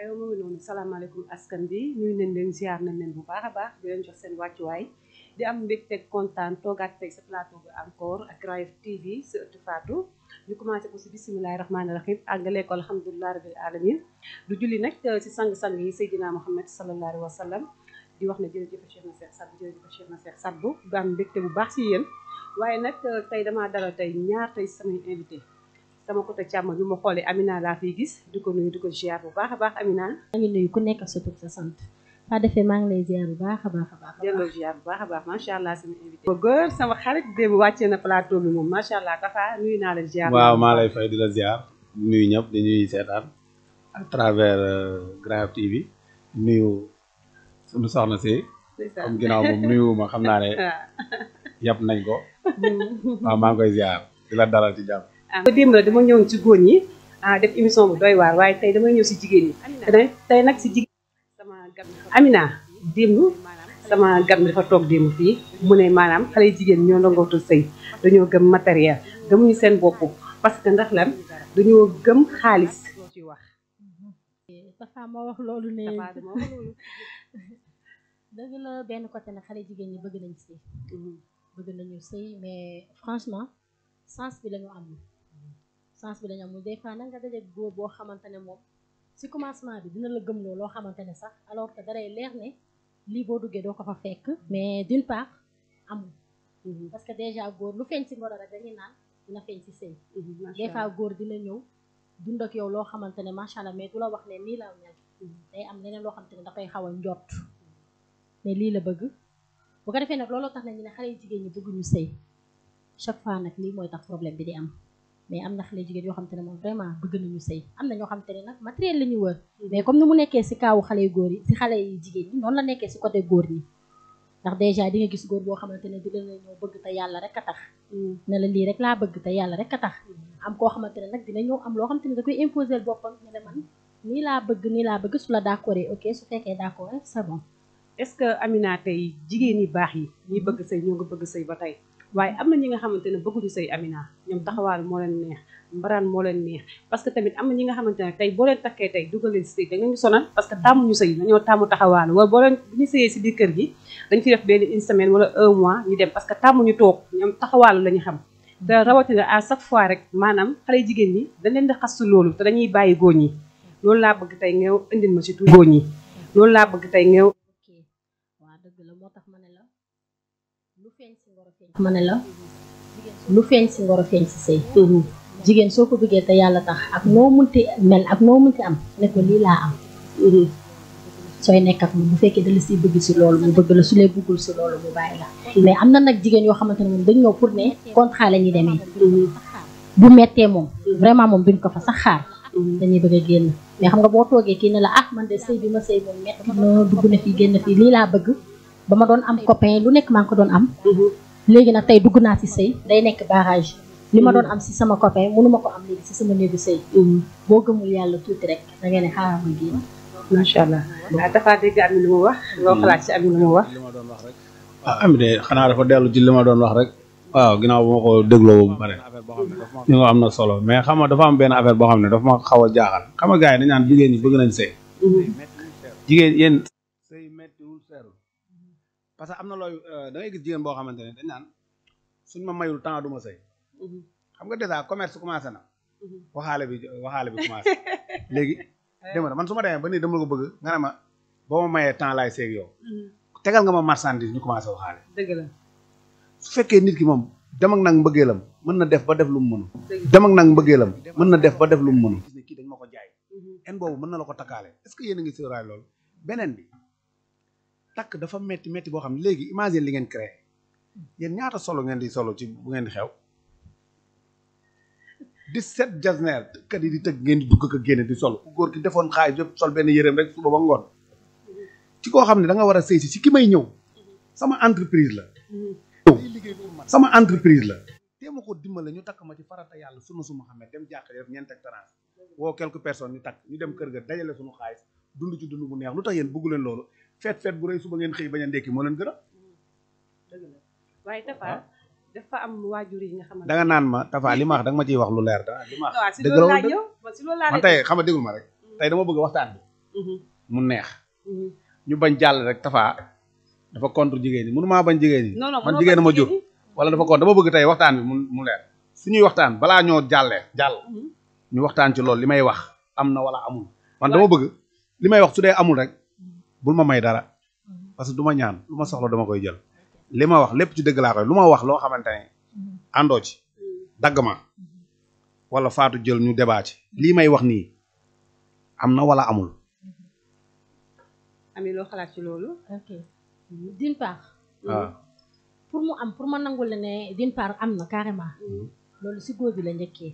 aywa moomu noonu salaamaaleykum askan bi nuyu nañ leen ziar nañ leen bu baax a baax di leen jox seen wàccuwaay di am mbégte kontaan toogaat tey sa plateau bi encore ak Rive TV sa ëttu ñu commencé ko si bisimilahi rahmaani rahim àggalee ko alhamdulilah rabil alamin du julli nag euh, si sang-sang yi Seydina Muhammad sallallahu alayhi wa sallam di wax ne jërëjëf Cheikh na Cheikh Sadbou jërëjëf Cheikh na Cheikh bu baax si yéen waaye nag euh, tey damaa dalal tey ñaar tey samay sama côté càmm bi ma xoolee Amina laa fiy gis di ko nuyu di ko ziar bu baax a baax Amina. maa ngi nuyu ku nekk ak sa tur sant. waa defee maa ngi lay ziar bu baax a baax a baax. delloo bu baax a baax macha allah sama invité. ma góor sama xarit démb wàccee na plateau bi moom macha allah nuyu naa la ziar. waaw maa lay fay di la ziar. nuyu ñëpp di ñuy seetaan à travers euh, Grand TV nuyu soxna si. comme ginnaaw moom nuyu xam naa ne. yàpp nañ ko. waaw maa ngi koy ziar di la dalal ci jàmm. Ah. ba démb dama ñëw ci góor ñi ah, def émission bu doy waar waaye tey damay ñëw si jigéen ñi tey nag si jigéen sama gan Amina démb sama gan dafa toog démb fii mu ne maanaam xale jigéen ñoo nangootul sëy dañoo gëm matériel gëmuñu seen bopp parce que ndax la dañoo gëm xaalis ci wax Tafa moo wax loolu ne dëgg la benn côté na xale jigéen ñi bëgg nañ sëy mm-hmm. bëgg nañu sëy mais franchement sens bi la ñu am sens bi dañu amul des fois nag nga dajeeg góor boo xamante ne moom si commencement bi dina la gëmloo loo xamante ne sax aloor que daray leer ne lii boo duggee doo ko fa fekk mais d'une part amul mm-hmm. parce que déjà góor lu feeñ si ngoro rek dañuy naan dina feeñ si sëy mm-hmm, des ñëw dund ak yow loo xamante ne macha mais du la wax ne nii mm-hmm. am leneen loo xamante ne da koy xaw a njort ne lii la bëgg bu defee nag looloo tax na ñu ne xale yu jigéen ñi bëgguñu sëy chaque fois nag lii mooy tax problème bi di am mais am na xale jigéen yoo xam te ne moom vraiment bëgg nañu sëy am na ñoo xam te ne nag matériel la ñuy wër mm-hmm. mais comme ni mu nekkee si kaawu xale yu góor yi si xale yu jigéen ñi noonu la nekkee si côté góor ndax déjà di nga gis góor boo xamante ne di la ñëw bëgg te rek a mm-hmm. ne la lii laa bëgg te yàlla rek a tax mm-hmm. am koo xamante ne nag dina am loo xamante ne da koy imposer boppam ne la bëgg nii laa bëgg su la d'accord ok su fekkee d'accord est-ce que Amina tey jigéen yi baax yi ñi bëgg sëy ñoo nga bëgg sëy ba tey waaye am na ñi nga xamante ne bëgguñu sëy Amina ñoom taxawaal moo leen neex mbaraan moo leen neex parce que tamit am na ñi nga xamante ne tey boo leen takkee tey dugal leen si sëy dañ leen sonal parce que tàmmuñu sëy dañoo tàmmu taxawaal wala boo leen bu ñu sëyee si biir kër gi dañ fi def benn une semaine wala un mois ñu dem parce que ñu toog ñoom taxawaal lañu xam te rawatina à chaque fois rek maanaam xale jigéen ñi dañ leen xas xastu loolu te dañuy bàyyi góor ñi loolu laa bëgg tey nga indil ma si tuuti góor loolu laa bëgg tey nga ma ne la lu feeñ si ngoro feeñ si sëy jigéen soo ko bëggee te yàlla tax ak noo munti mel ak noo munti am ne ko lii laa am sooy bu fekkee dala siy bëgg si loolu mu si loolu mu bàyyi la mais am na nag jigéen yoo xamante ne moom dañ ne contrat la ñuy bu mettee moom vraiment moom duñ ko fa sax xaar dañuy a génn mais xam boo toogee kii ne la ah man de sëy bi ma sëy dugg na fii génn fii lii laa bëgg ba ma doon am copain lu nekk maa ngi ko doon am léegi nag tey dugg naa ci sëy day nekk barrage li ma mm. doon am si sama copain mënu ma ko am léegi si sama néegu sëy mm. boo gëmul yàlla tuuti rek da ngay ne xaaral ma génn ah, wax loo mm. xalaat si mu wax li ma doon wax rek ah, am de xanaa dafa dellu ci li ma doon wax rek waaw ginaaw bu ma ko dégloo bu pare ñu nga am na solo mais xam nga dafa am benn affaire boo xam ne dafa ma xaw a jaaxal xam nga gars yi dañ naan bëgg nañ sëy mm-hmm. jigéen yéen parce que am na looy euh, da ngay gis jigéen boo xamante ne dañ naan suñ ma mayul temps du ma sëy mhm. xam nga dèjà commerce commencé na mhm. waxaale bi waxaale bi léegi dema man su ma demee ba nii dama la ko bëgg nga ne ma boo ma mayee temps laay seeg yow mhm. tegal nga ma marchandise ñu commencé waxaale dëgg su fekkee nit ki moom dem ak nag mbëggeelam mën na def ba def lu mu mënu dem ak nag mbëggeelam mën na def ba def lu mu mënu dañ ma ko jaay en boobu mën na la ko takkaale est que yéen a ngi sóoraay loolu beneen bi Tak dafa metti metti bo xam ne imagine li ngeen créer yeen ñaata solo ngeen di solo ci bu ngeen xew 17 jasner kat yi di tegg ngeen di dugg ko gene di solo ku góor ki defon xaay jop sol ben yereem rek su ba ngon ci ko xam da nga wara sey ci ki may ñew sama entreprise la sama entreprise la téma ko dimbale ñu takk ma ci farata yalla sunu su mohammed dem jàkk def ñeent ak tarance wo quelques personnes ñu tak ñu dem kër ga dajale sunu xaalis dundu ci dundu bu neex lutax yeen fet fet bu reuy suba ngeen xey baña ndekki mo leen gëna deug la waye tafa ah. dafa am wajuri nga xamantani da nga naan ma tafa li ma wax da nga ma ci wax lu leer da li ma wax deug la man ci loolu la man tay xama degul ma rek mm-hmm. tay dama bëgg waxtaan bi mm-hmm. mu neex mm-hmm. ñu bañ jall rek tafa dafa contre jigéen ñi mënuma bañ jigeen ni man jigeen ma jur wala dafa contre dama bëgg tay waxtaan bi mu leer suñuy waxtaan bala ñoo jalle jall ñu waxtaan ci lool limay wax amna wala amul man dama bëgg limay wax su dee amul rek bul ma may dara parce que ñaan lu soxlo dama koy jël lima wax lepp ci deug lima koy luma wax lo xamantene ando ci dagg ma wala faatu jël ñu débat ci li may wax ni amna wala amul ami lo xalat ci lolu ok d'une part ah. pour mu am pour ma nangul la ne d'une part carrément mm-hmm. lolu ci góor bi la njëkkee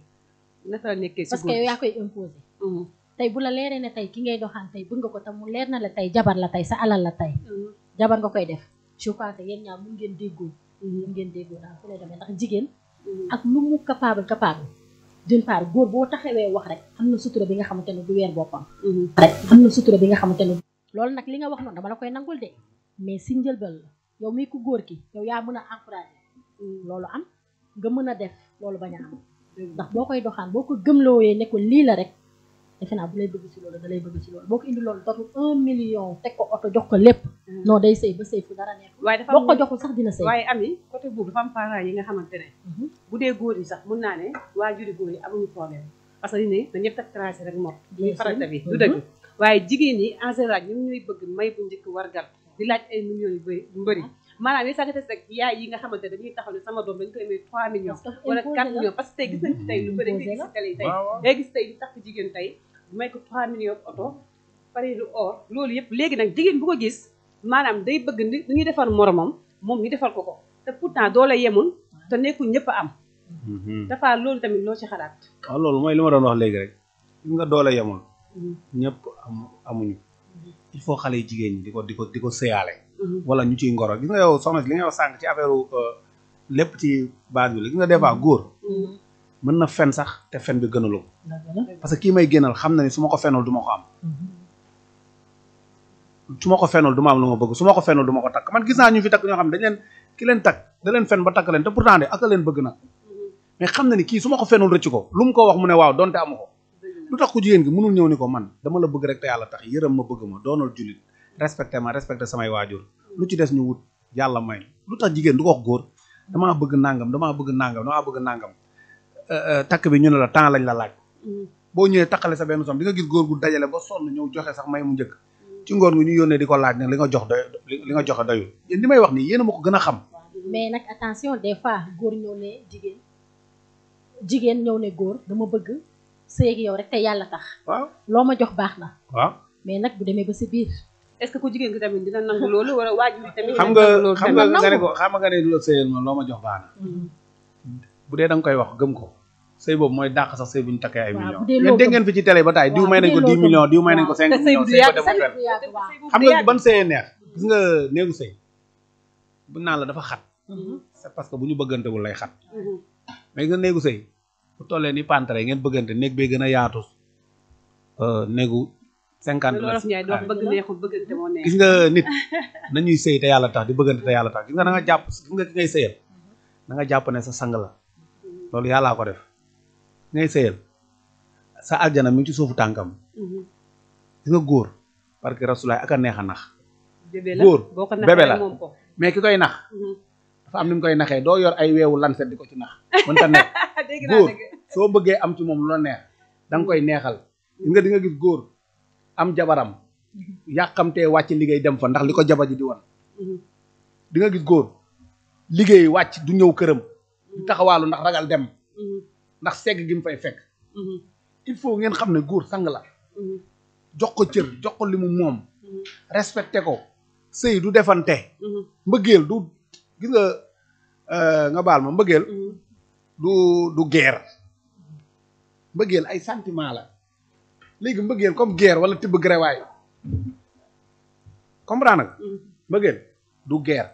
na la njëkkee ci góor parce que yow ya koy imposer mm-hmm. tey bu la leeree na tey ki ngay doxaan tey bëgg nga ko tam mu leer na la tey jabar la tey sa alal la tey mm-hmm. jabar nga koy def je pense que yéen ñaar mun ngeen déggoo mm-hmm. mun ngeen déggoo daal lay demee ndax jigéen mm-hmm. ak lu mu capable capable d'une part góor boo taxawee wax rek am na sutura bi nga xamante ne du weer boppam rek am na sutura bi nga xamante ne loolu nag li nga wax noonu dama la koy nangul de mais si njëlbal la yow mii ku góor ki yow yaa mën a encouragé loolu am nga mën a def loolu bañ a am ndax boo koy doxaan boo ko gëmlooyee ne ko lii la rek defe ah, bu lay bëgg ci loolu da lay bëgg ci loolu boo ko indi loolu dootul un million teg ko oto jox ko lépp mm. non day sëy ba sëy fu dara nekk boo ko joxul sax dina sëy ne mm-hmm. bu dee góor yi sax mun naa ne waajuri góor yi amuñu problème parce que ni ne ñëpp tak tracé rek moom ñuy farata bi du mm-hmm. dëgg waaye jigéen yi en général ñoom ñooy bëgg may bu njëkk wargal di laaj ay millions yu bëri mbëri maanaam yi sagates rek yaay yi nga xamante dañuy taxaw ne sama doom dañ koy may 3 millions wala 4 millions parce que tey gis nañ ci tey lu bëri nga gis tey tey day jigéen tey may ko 3 millions oto pari lu or loolu yëpp léegi nag jigéen bu ko gis maanaam day bëgg ni ñu defar moromam moom ñu defal ko ko te pourtant doole yemul te nekkul ñëpp am. Mhm. dafa loolu tamit loo ci xalaat. waaw ah, loolu mooy li ma doon léegi rek nga doole yemul. Mhm. ñëpp am amuñu. il faut xale yu jigéen ñi di ko di ko di ko sëyaale. Mhm. wala ñu ciy ngoro gis nga yow soxna si li nga wax sànq ci affaire euh, lépp ci base bi la gis nga des góor. mën na fen sax te fen bi gënalu parce que ki may gënal xam na ni suma ma ko fenol duma ko am mhm. suma ko fenol duma am luma bëgg suma ko fenul duma ko tak man gis na ñu fi tak ñoo xam dañ leen ki leen tak da leen fen ba tak leen te pourtant de ak leen bëgg nak mhm. mais xam na ni ki suma ko fenul rëcc ko lu mu ko wax mu ne waaw donte amuko lu tax ku jigen gi mënul ñëw ni ko man dama la bëgg rek te yalla tax yërëm ma bëgg ma donal julit respecté ma respecté samay wajur lu ci dess ñu wut yalla may lu tax jigen du ko wax goor mhm. dama bëgg nangam dama bëgg nangam dama bëgg nangam Euh, euh, takk bi ñu ne la temps lañ la laaj mm. boo ñëwee takkale sa benn somme di nga gis góor gu dajale ba sonn ñëw joxe sax may mu njëkk ci ngoon gi ñu yónnee di ko laaj nag li nga jox doy li nga joxe doyul li may wax nii yéen a ma ko gën a xam mais nag attention des fois góor ñëw ne jigéen jigéen ñëw ne góor dama bëgg sëy yow rek te yàlla waaw loo ma jox baax na waaw mais nag bu demee ba si biir est-ce que ku jigéen ki tamit dina nangu loolu wala waajur tamit xam nga xam nga nga ne ko xam nga ne loo sëyal ma loo ma jox baax na mm. bu dee da nga koy wax gëm ko sëy boobu mooy dàq sax sëy bu ñu takkee ay millions yéen dégg ngeen fi ci télé ba taay diw may nañ ko 10 millions diw may nañ ko 5 millions sëy ba dem fenn xam nga ban sëyee neex gis nga néegu sëy bu naan la dafa xat mm-hmm. c'est parce que bu ñu bëggantewul lay xat mm-hmm. mais nga néegu sëy bu tollee ni pantare ngeen bëggante néeg bee gën a yaatu euh, néegu cinquante la gis nga nit nañuy sëy te yàlla tax di bëggante te yàlla tax gis nga da jàpp gis nga ki ngay sëyal mm-hmm. da nga jàpp ne sa sang la loolu yalla ko def ngay seyel sa aljana mi ci suufu tankam hmm nga gor parce que rasulaay ak a neex a nax góor bébé la mais ki koy nax mhm. dafa am nim koy naxé do yor ay wewu lancet diko ci nax mën ta nek gor so am ci mom lo neex dang koy neexal nga di nga gis gor am jabaram mhm. yakamte wacc ligay dem fa ndax liko jabar di mhm. di nga gis gor ligay wacc du ñew kërëm taxawaalu ndax ragal dem mhm. ndax segg gi mu fay fekk mhm. il faut ngeen xam ne góor sang la mhm. jox ko cër jox ko li mu moom respecté ko sëy du defante mbëggeel du gis nga euh, baal ma mbëggeel du du guerre mbëggeel ay sentiment la léegi mbëggeel comme guerre wala tibb gréwaay comprendre nga mbëggeel du guerre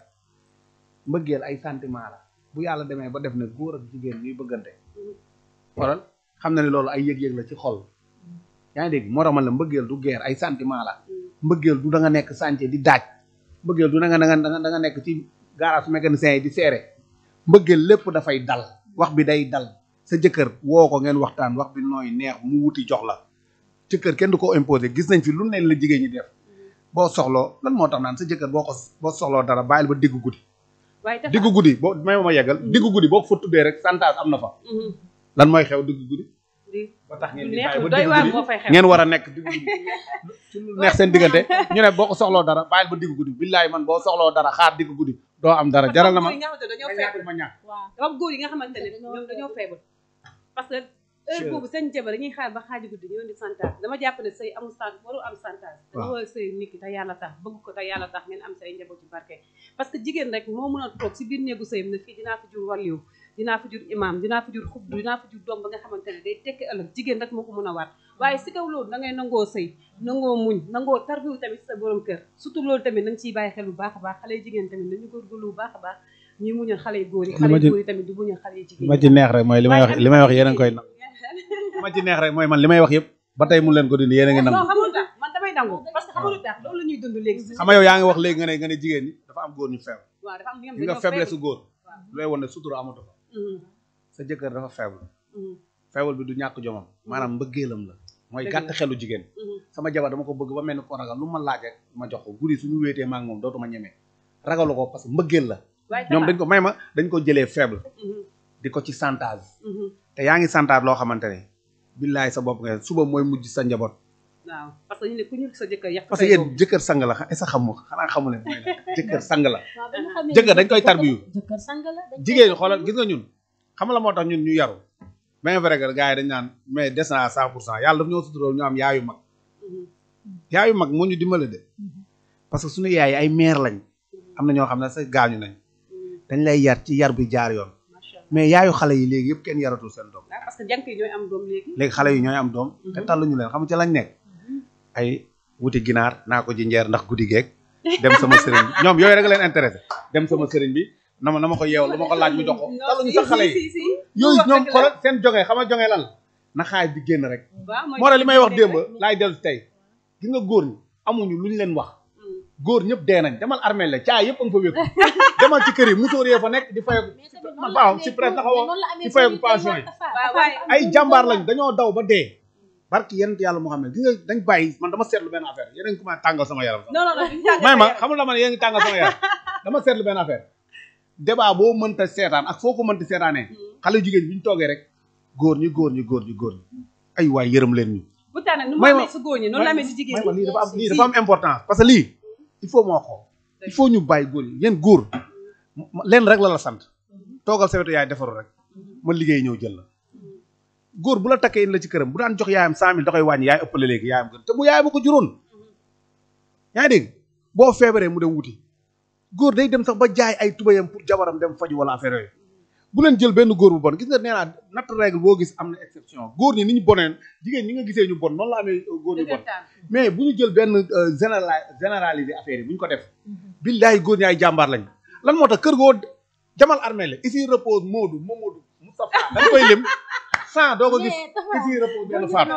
mbëggeel ay sentiment la bu yàlla demee ba def na góor ak jigéen ñuy bëggante mm-hmm. xoolal xam na ne loolu ay yëg-yëg la ci xol mm-hmm. yaa ngi dégg moo tax la mbëggeel du guerre ay sentiment la mm-hmm. mbëggeel du da nga nekk chantier di daaj mbëggeel du da nga da nga da nga nekk ci garage mécanicien yi di seere mbëggeel lépp dafay dal wax bi day dal sa jëkkër woo ko ngeen waxtaan wax bi nooy neex mu wuti jox la jëkkër kenn du ko imposé gis nañ fi lu ne la jigéen ñi def boo soxloo lan moo tax naan sa jëkkër boo ko boo soxloo dara bàyyil ba digg guddi Digu-gudi, bo may ma yàggal mm. diggu guddi boo fa tuddee rek santage am na fa mm-hmm. lan mooy xew diggu guddi ba tax ngeen di bàyyi ba diggu guddi ngeen war a nekk diggu guddi neex seen diggante ñu ne boo ko soxloo dara bàyyil ba diggu guddi billaay man boo soxloo dara xaar diggu guddi doo am dara jaral na ma ma ñàkk waaw dama góor yi nga xamante ne ñoom dañoo feebul parce que heure boobu seen jabar ñuy xaar ba a sëy nit ki te yàlla tax bëgg ko yàlla tax am say njaboot ci barke parce que jigéen rek moo mën a toog si biir néegu sëyam ne fii dinaa fi jur wàlliw dinaa fi jur imam dinaa fi jur xub doom ba nga xamante day tekki ëllëg jigéen rek moo ko mën a waat waaye si kaw loolu da ngay nangoo sëy nangoo muñ nangoo tarbiwu tamit sa borom kër surtout loolu tamit nañ ciy bàyyi xel bu baax a baax xale jigéen tamit nañu góorgóorlu bu baax a baax ñuy muñal xale yi xale tamit du ma ci neex rek mooy li may wax li may wax yéen a ngi koy ma ci neex rek moy man limay wax yeb batay mu len ko dindi yéen a ngi nangu. man damay nangu parce que xamul tax do la ñuy dund legi xam nga yow yaa ngi wax legi nga ne nga ne jigen ni dafa am goor ñu sama jaba dama ko bëgg ba melni ko ragal lu ma laaj rek ma jox ko guddi suñu wété ma ngi dootuma ñëmé ragalu ko parce que la ñom dañ ko mayma dañ ko jëlé faible mm-hmm. di ci santage mm-hmm. te yaangi santage lo loo billaay sa bopp nga suba mooy mujj sa njaboot. waaw parce que ñu ne ku ñu sa que yéen sang la est-ce que xamu xanaa xamu leen jëkkër sang la. jëkkër dañ koy tarbiyu. jëkkër sang la jigéen xoolal gis nga ñun. xam la moo tax ñun ñu yaru mais vrai que gars yi dañ naan mais des na à cent pour cent yàlla daf ñoo sutural ñu am yaayu mag. Mhm. yaayu mag moo ñu dimbale de. Mhm. parce que suñu yaay ay meer lañ. Mhm. am na ñoo xam ne sa gaañu nañ. dañ lay yar ci yar bi jaar yoon. mais yaayu xale yi léegi yëpp kenn yaratul seen doom parce que jànk yi ñooy am doom léegi. léegi xale yi ñooy am doom. Mhm. te talluñu leen xam lañ nekk. Mhm. ay wuti ginaar naa ko ji njeer ndax guddi geeg dem sama sëriñ ñoom yooyu rek leen intéressé dem sama sëriñ bi na ma na ma ko yeewal lu ma ko laaj mu jox ko. talluñu sax xale yi yooyu ñoom xoolal seen joge xam nga joge la na xaay bi génn rek. moo tax li may wax démb laay dellu tey gis nga góor ñi amuñu luñ leen wax mm. góor ñëpp dee nañ demal armeel la caa yëpp a fa wékku demal ci kër yi musóor yee fa nekk di fayeku waaw si pension yi ay jàmbaar lañ dañoo daw ba dee barki yenn yàlla moo xam ne gis dañ bàyyi man dama seetlu benn affaire yéen a ngi commencé tàngal sama yaram sax may ma a ngi tàngal sama yaram dama seetlu benn affaire débat boo mënta seetaan ak foo ko mënta seetaanee hmm. xale jigéen bi ñu toogee rek góor ñi góor ñi góor ñi góor ñi ay waay yërëm leen ñu bu tànn nu mu ma si góor ñi noonu la amee si jigéen ñi dafa am important dafa parce que lii il faut moo ko il faut ñu bàyyi góor yi yéen góor leen rek la la sant mhm. toogal sa wetu yaay defaru rek mhm. ma liggéey ñëw jël la mhm. góor bu la takkee indi la ci këram bu daan jox yaayam cent mille da koy wàññi yaay ëppale léegi yaayam gën te bu yaayam ko juróon yaa ngi dégg boo feebaree mu dem wuti góor day dem sax ba jaay ay tubayam pour jabaram dem faju wala affaire bu leen jël benn góor bu bon gis nga nee naa natt règle boo gis am na exception góor ñi ni ñu boneen jigéen ñi nga gisee ñu bon noonu la amee uh, góor ñu bon mais bu ñu jël benn euh, général généraliser affaire yi bu ñu ko def billahi góor ñi ay jàmbaar lañ lan motax keur go jamal armel ici repose Modou momodou Moustapha dañ koy lim sans doo ko gis ici repose ben fat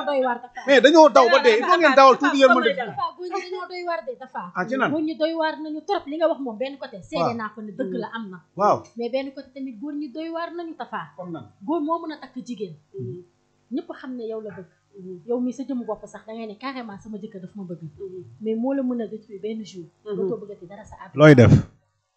mais dañu daw ba dee il faut ngeen dawal tuuti yërmande dafa góor ñi dañoo doy war de dafa ah ci nan góor doy war nañu trop li nga wax mom ben côté seede na ko ne deug la amna waaw mais ben côté tamit goor ñi doy war nañu tafa comme nan góor moo mën a takk jigéen mhm. ñëpp yow la bëgg mhm. yow mi sa jëm bop sax da ngay ne carrément sama jëkke daf ma bëgg mhm. mais mo la mën a ci ben jour do to bëgg ci dara sa àdduna looy def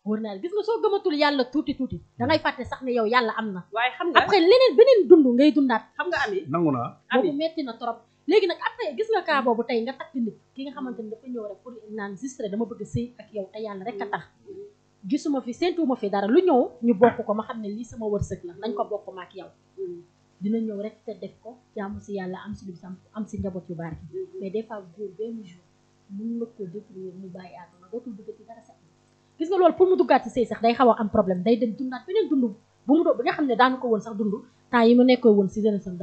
wóor naa gis nga soo gëmatul yàlla tuuti tuuti hmm. da ngay fàtte sax ne yow yàlla am na waaye xam nga après leneen beneen dund ngay dundaat xam nga ami nangu naa boobu metti na trop léegi nag après gis nga kaa boobu tey nga takk nit ki nga xamante ni dafa ñëw rek pour naan juste dama bëgg sëy ak yow te yàlla rek a tax hmm. Hmm. gisuma fi séentuwuma fi dara lu ñëw ñu bokk ko ma xam ne lii sama wërsëg la nañ ko bokk ma ak yow dina ñëw rek te def ko jaamu si yàlla am si lu am si njaboot ko détruire mu bàyyi àdduna dootul si gis nga loolu pour mu duggaat ci sëy sax day xaw a am problème day dem dundaat beneen dund bu mu do bi nga xam ne daanu ko woon sax dund temps yi mu nekkoo woon si jeunesse am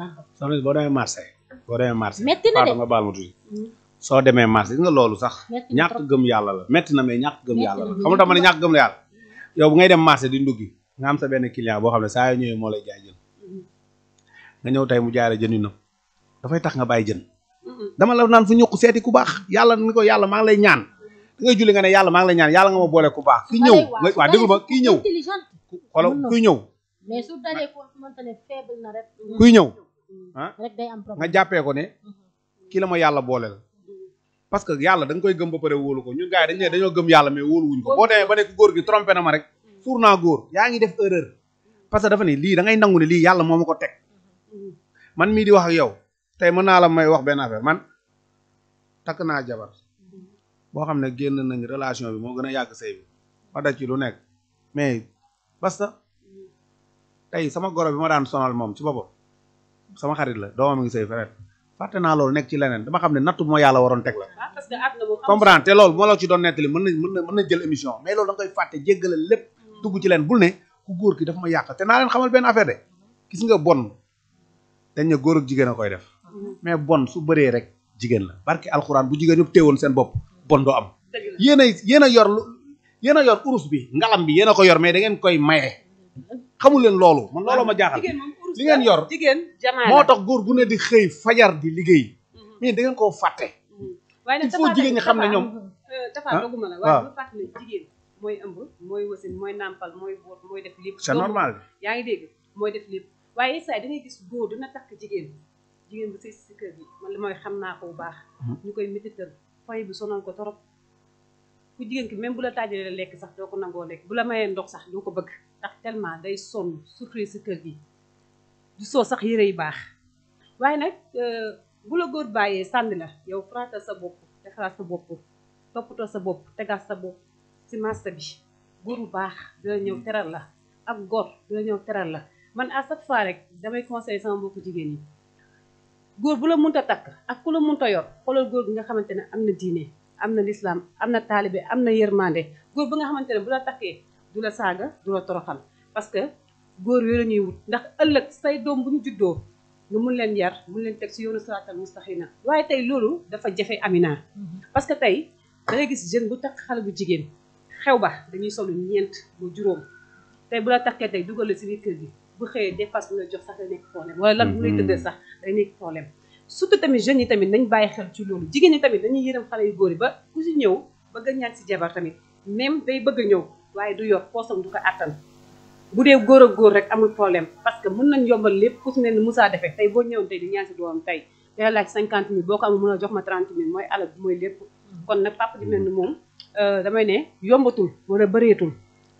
boo demee marché boo demee marché metti nga baal ma soo demee marché gis nga loolu sax ñàkk gëm yàlla la metti na mais ñàkk gëm yàlla la xamul tax ma ne gëm la yow bu ngay dem marché di nduggi nga am sa benn client boo xam ne saa yoo ñëwee moo lay jaay jën nga ñëw tey mu jaare jën yu nëb dafay tax nga bàyyi jën dama la naan fu ñuq seeti ku baax yàlla ni ko yàlla maa ngi lay ñaan da ngay nga ne yàlla maa la lay ñaan yàlla nga ma boole ku baax ki ñëw waaw déglu ma kii ñëw xoolal kuy ñëw mais su ñëw mm. ah rek nga jàppee ko ne mm-hmm. kii la ma yàlla booleel mm. parce que yàlla da nga koy gëm ba pare woolu ko ñun gars yi dañ dañoo gëm yàlla mais wóolu wuñ ko boo demee ba nekk góor gi trompé na ma rek mm. fuur naa góor yaa ngi def erreur parce que dafa ne lii dangay nangu ne lii yàlla moo ko teg mm-hmm. man mii di wax ak yow tey mën naa la may wax benn affaire man takk naa jabar boo xam ne génn nañ relation bi moo gën a yàgg sëy bi ma daj ci lu nekk mais basta tey sama goro bi ma daan sonal moom si boppam sama xarit la doomam mi ngi sëy feneen fàtte naa lool nekk ci leneen dama xam ne nattu moo yàlla waroon teg la ah, comprendre te lool bu ma la ci doon nettali mën na mën na mën na jël émission mais loolu da nga koy fàtte jéggale lépp tugg mm. ci leen bul ne ku góor ki dafa ma yàq te naa leen xamal benn affaire de gis nga bon dañ ne góor ak jigéen a koy def mm. mais bon su bëree rek jigéen la barki alxuraan bu jigéen ñëpp téewoon seen bopp bon doo am yéen a yéen a yor yéen a yor urus bi ngalam bi yéen a ko yor mais da ngeen koy maye xamu leen loolu man looloo ma jaaxal li ngeen yor moo tax góor gu ne di xëy fajar di liggéey mm-hmm. mais da ngeen koo fàtte mm-hmm. il faut jigéen ñi xam ne ñoom euh, tafa doguma la waaye bu fàttali jigéen mooy ëmb mooy wasin mooy nàmpal mooy boot mooy def lépp c'est normal yaa ngi mooy def lépp waaye saa da ngay gis góor dina takk jigéen jigéen bu sëy si kër gi man li mooy xam naa ko bu baax mm-hmm. ñu koy métital fay bi sonal ko torop ku jigéen ki même bu la taajalee lekk sax doo ko nangoo lekk bu la mayee ndox sax doo ko bëgg ndax tellement day sonn surtout si kër gi du soo sax yëre yu baax waaye nag euh, bu la góor bàyyee sànni la yow faraatal sa bopp defaraat sa bopp toppatoo sa bopp tegaat sa bopp si marché bi góor bu baax dina ñëw teral la ak góor dina ñëw teral la man à chaque fois rek damay conseillé sama mbokku jigéen ñi góor bu la munta takk ak ku la munta yor xoolal góor bi nga xamante ne am na diine am na lislaam am na taalibe am na yërmande góor ba nga xamante ne bu la takkee du la saaga du la toroxal parce que góor yooyu la ñuy wut ndax ëllëg say doom bu ñu juddoo nga mun leen yar mun leen teg si yoonu siraatal mustaqiim waaye tey loolu dafa jafe Amina parce que tey da gis jeune bu takk xale bu jigéen xew ba dañuy solu ñeent bu juróom tey bu la takkee tey dugal la si biir kër gi bu xëyee dépasse bu la jox sax day nekk problème wala lan mhm. bu lay tëddee sax day nekk problème surtout tamit jeunes yi tamit nañ bàyyi xel ci loolu jigéen ñi tamit dañuy yërëm xale yu góor yi ba ku ñëw bëgg a jabar tamit même day bëgg ñëw waaye du yor poosam du ko àttan bu dee góor a góor rek amul problème parce que mën nañ yombal lépp ku si ne Moussa defee tey boo ñëwoon tey di ñaan si doomam tey day laaj cinquante mille boo ko amul mën a jox ma trente mille mooy alal bi mooy lépp mhm. kon nag papa di mel ni moom euh, damay ne yombatul wala bëreetul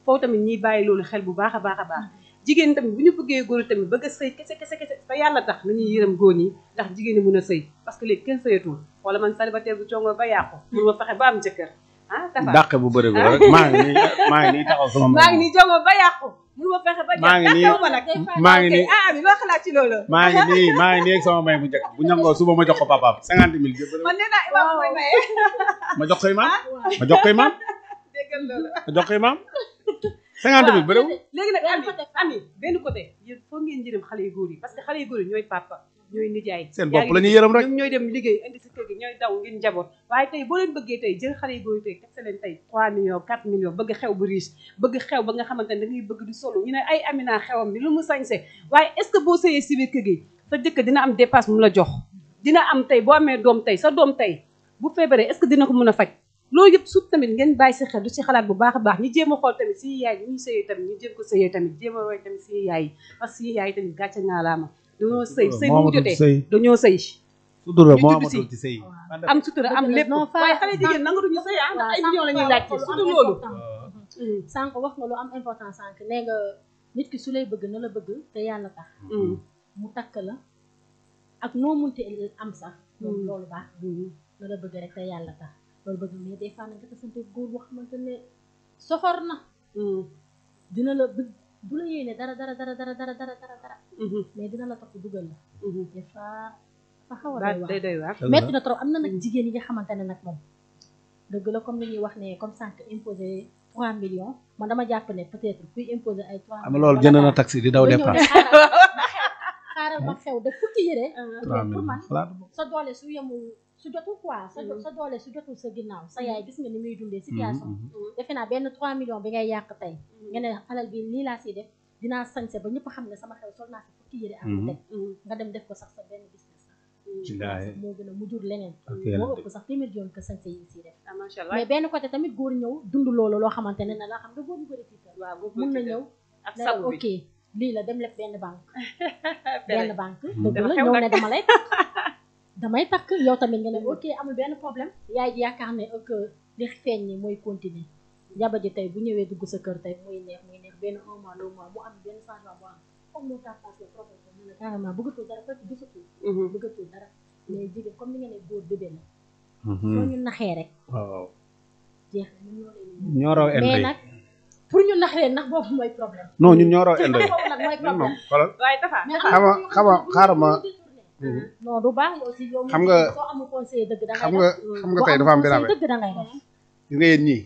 foofu tamit ñiy bàyyi loolu xel bu baax a baax a baax jigéen tamit bu ñu bëggee góor tamit bëgg a sëy kese kese kese te yàlla tax nañuy yërëm góor ñi ndax jigéen ñi mën a sëy parce que léegi kenn sëyatul wala man célibataire bu congoo ba yàqu mun ma fexe ba am jëkkër ah dafa dàq bu bëri bi ah. maa ngi maa ngi nii taxaw sama maa ngi nii jongoo ba ma fexe ba maa ngi maa ngi nii ah, ah, loo maa maa ngi nii sama may bu njëkk bu ñangoo suba ma jox ko papaam cinquante mille man nee naa ma jox ma jox ma cinquante mille bëriwul léegi nag ngeen yërëm xale yu góor yi parce que xale yu góor yi ñooy papa ñooy dem liggéey indi si kër gi ñooy daw ngeen njaboot waaye tey boo leen bëggee tey jël xale yu bëgg xew bu riche bëgg xew ba nga xamante ne da ngay bëgg di solo ñu ne ay amina xewam bi lu mu sañse waaye est ce que boo sëyee si biir kër gi sa jëkkër dina am dépasse mu la jox dina am tey boo amee doom tey sa doom tey bu feebaree est ce que dina ko mun a faj loolu yëpp suuf tamit ngeen bàyyi si xel du si xalaat bu baax a baax ñu jéem a xool tamit si yaay yi ñu sëyee tamit ñu jéem ko sëyee tamit jéem a roy tamit si yaay yi que yaay yi naa laama dañoo sëy dañoo sëy sutura moo amatul ci sëy am sutura am lépp waaye xale jigéen nangatuñu sëy ah ndax ay millions la ñuy laajte sànq wax nga lu am importance sànq nee nga nit ki su lay bëgg na la bëgg te yàlla tax mm. mu takk la ak noo munti am sax mm. loolu baax mm. na la bëgg rek te yàlla tax loolu bëgg mais des fois nag nga tasante góor boo xamante soxor na. Mm. dina la bëgg du la yéene dara dara dara dara dara dara dara. Mm-hmm. mais dina la topp dugal la. Mm-hmm. des fois fa xaw a doy waar na am na nag mm. jigéen yi nga xamante ne nag moom. comme li ñuy wax ne comme sànq imposé 3 millions man dama jàpp ne peut-être kuy imposé ay 3 millions. am loolu jënd na taxi di daw dépense. xaaral ma xew ah. su yemul. su jotu quoi sa mm-hmm. sa doole su jotul sa ginnaaw sa yaay mm-hmm. gis nga ni muy dundee situation mm-hmm. defe naa benn 3 millions bi ngay yàq tey nga ne alal bi lii laa siy def dinaa sañse ba ñëpp xam ne sama xew sol naa si fukki yëre ak teg nga dem def ko sa benn moo gën a mu jur leneen moo ëpp sax téeméer yoon ko sañse yi siy def ah, mais benn côté tamit góor ñëw dund loolu loo xamante ne na la xam nga góor ñu bëri tiital waaw mun na ñëw ak sabu bi ok lii la dem leb benn banque benn banque ñëw dama lay damay takk yow tamit nga ne mm-hmm. ok amul benn problème yaakaar ne que mooy continuer jaba ji tey bu ñëwee dugg sa kër tey muy la mm-hmm. mm-hmm. soo ñu naxee rek ñoo raw mais nag pour ñu nax leen ndax boobu mooy problème non ñun ñoo raw end nag mooy xama xama xaarama Mm-hmm. Mm-hmm. non xam nga xam nga xam nga tey dafa am benn dëgg da ngay nga yéen ñii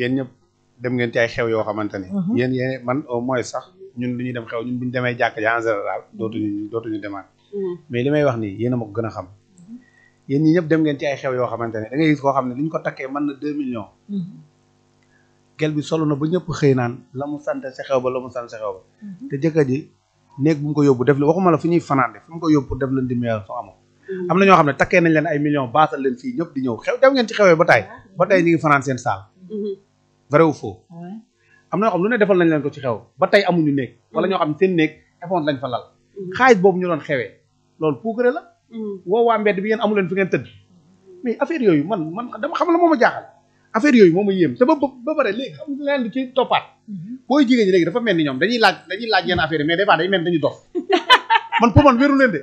yéen ñëpp dem ngeen ci ay xew yoo xamante ni yéen yéen man au moins sax ñun lu ñuy dem xew ñun bu demee jàkk ja en dootuñu dootuñu mais li wax nii yéen a ma gën a xam yéen ñi ñëpp dem ci ay xew yoo xamante ne da ngay gis koo xam ne li ko takkee man na deux millions mm-hmm. gel bi solo na ba ñëpp xëy naan la mu sant sa xew ba la mu sant sa xew ba te jëkkër ji néeg bu mu ko yóbbu def la waxuma la fu ñuy fanaan de fu mu ko yóbbu def leen dimb amul am na ñoo xam ne takkee nañ leen ay millions baatal leen fii ñëpp di ñëw xew dem ngeen ci xewee ba tey mm-hmm. ba tey ñu ngi fanaan seen mm-hmm. ah am na ñoo lu ne defal nañ leen ko ci xew ba tey amuñu néeg wala ñoo xam ne seen néeg éponge lañ fa lal mm-hmm. xaalis boobu ñu doon xewee loolu puukare la woo waa mbedd bi ngeen amu fi ngeen tëdd mais affaire yooyu man man dama xam la mooma jaaxal affaire yooyu moom a yéem te ba ba pare léegi xam nga leen ci toppaat mhm. booy jigéen ñi léegi dafa mel ni ñoom dañuy laaj dañuy laaj yenn affaire yi mais des fois day mel dañuy dof man pour man wéru leen de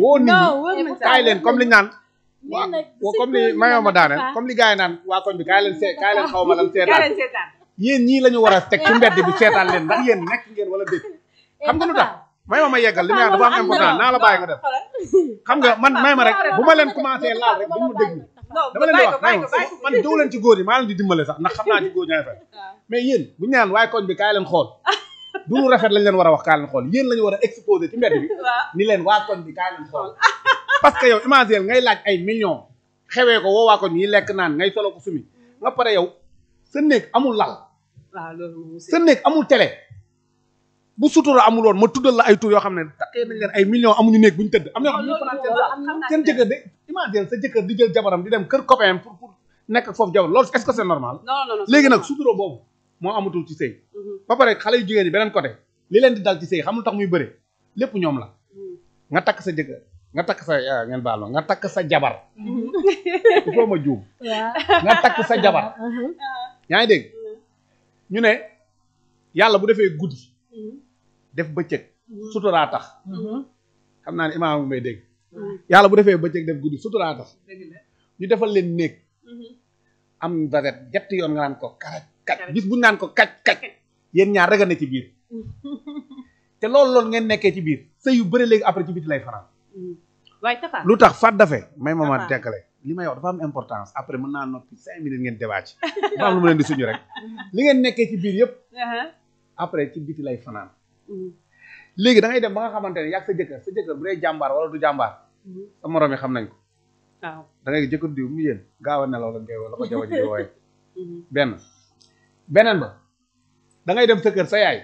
woo nit ñi kaay leen comme li naan waa comme li mayoo ma daaneel comme li gars yi naan waa koñ bi kaay leen see kaay leen xaw seetaan yéen ñii la ñu war a teg ci mbedd bi seetaan leen ndax yéen nekk ngeen wala déet xam nga lu tax may ma ma yeggal li may dafa am important naa la bàyyi nga def xam nga man may ma rek bu ma leen commencé laal rek bu ñu ma dama leen di wax man doo leen ci góor yi maa leen di dimbale sax ndax xam naa ci góor ñaay fay mais yéen bu ñu naan waaye koñ bi kaay leen xool du lu rafet lañ leen war a wax kaay leen xool yéen war a exposé ci mbedd bi ni leen waa koñ bi kaay leen xool parce que yow ngay laaj ay million xewee ko woo waa koñ yi lekk naan ngay solo ko sumi mm. nga pare yow sa néeg amul lal sa néeg amul télé bu sutura amul woon ma tuddal la ay tour yo xamne ne nañ len ay millions amuñu néeg buñu tedd am na yoo xam ne de imagine sa jëkkër di jël jabaram di dem kër copain pour pour nekk fofu jabar lool est ce que c' normal légui nak sutura bobu mo amatul ci sey mhm. ba pare xalé jigeen yi benen côté li len di dal ci sey xamul tax muy bëre lepp ñom la mhm. nga tak sa jëkkër nga tak sa ah, ngeen balo nga tak sa jabar ko mhm. ma juum nga tak sa jabar uh-huh. yaa deg uh-huh. ñu ne yalla bu defé goudi def bëccëg sutura tax mhm. xamna naa ne imaam may deg mhm. yalla bu defé bëccëg def gudi sutura tax ñu defal leen nek mhm. am daret ñetti yon nga nan ko kacc kacc bis bu nan ko kacc kacc yeen ñaar rek a ne ci biir té loolu loolu ngeen nekké ci biir sey yu bëre légui après ci biti lay faral way tafa lutax fa dafé dafe may mama tékalé li may wax dafa am importance après mën naa noppi cinq minutes ngeen débat ci ba lu ma leen di suñu rek li ngeen nekké ci biir yëpp uh-huh. après ci biti lay fanaan léegi da ngay dem ba nga xamante ne yàgg sa jëkkër sa jëkkër bu dee jàmbaar wala du jàmbaar mm-hmm. sa morom yi xam nañ ko waaw da mu yéen gaaw a la ngay la ko jawa ji mm-hmm. benn beneen ba da ngay dem sa sa yaay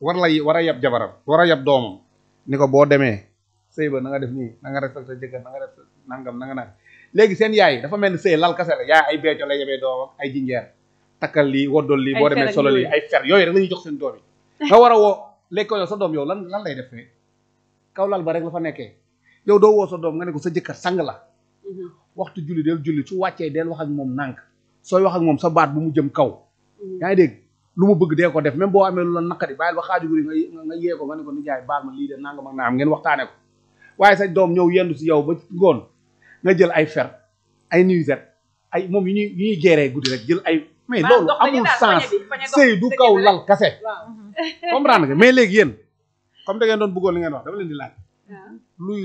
war la war a yab jabaram war a yab doomam ni ko boo demee sëy ba na nga def nii na nga respecté jëkkër na nga def nangam na nga nag léegi seen yaay dafa mel ni sëy lal kase la yaay ay beeco la yebee doomam ay jinjeer takkal lii woddol lii boo demee solo lii ay fer yooyu rek la ñuy jox seen doom nga war a woo léegi yow sa doom yow lan lan lay defee kaw lal ba rek la fa nekkee yow doo woo sa doom nga ne ko sa jëkkër sang la mhm. waxtu julli del julli su wàccee del wax ak moom nànk sooy wax ak moom sa baat bu mu jëm kaw mhm. yaa ngi dégg lu mu bëgg dee ko def même boo amee lu la naqari bàyyil ba xaaju guddi nga nga yee ne ko nijaay baal ma lii de nangam ak naam ngeen waxtaane ko waaye sa doom ñëw yendu si yow ba ngoon nga jël ay fer ay nuisette ay moom yu ñuy yu ñuy géree guddi rek jël ay mais loolu amul sens sëy du kaw lal kase comprendre nga mais léegi yéen comme dangeen doon bëggoon li ngeen wax dama leen di laaj. luy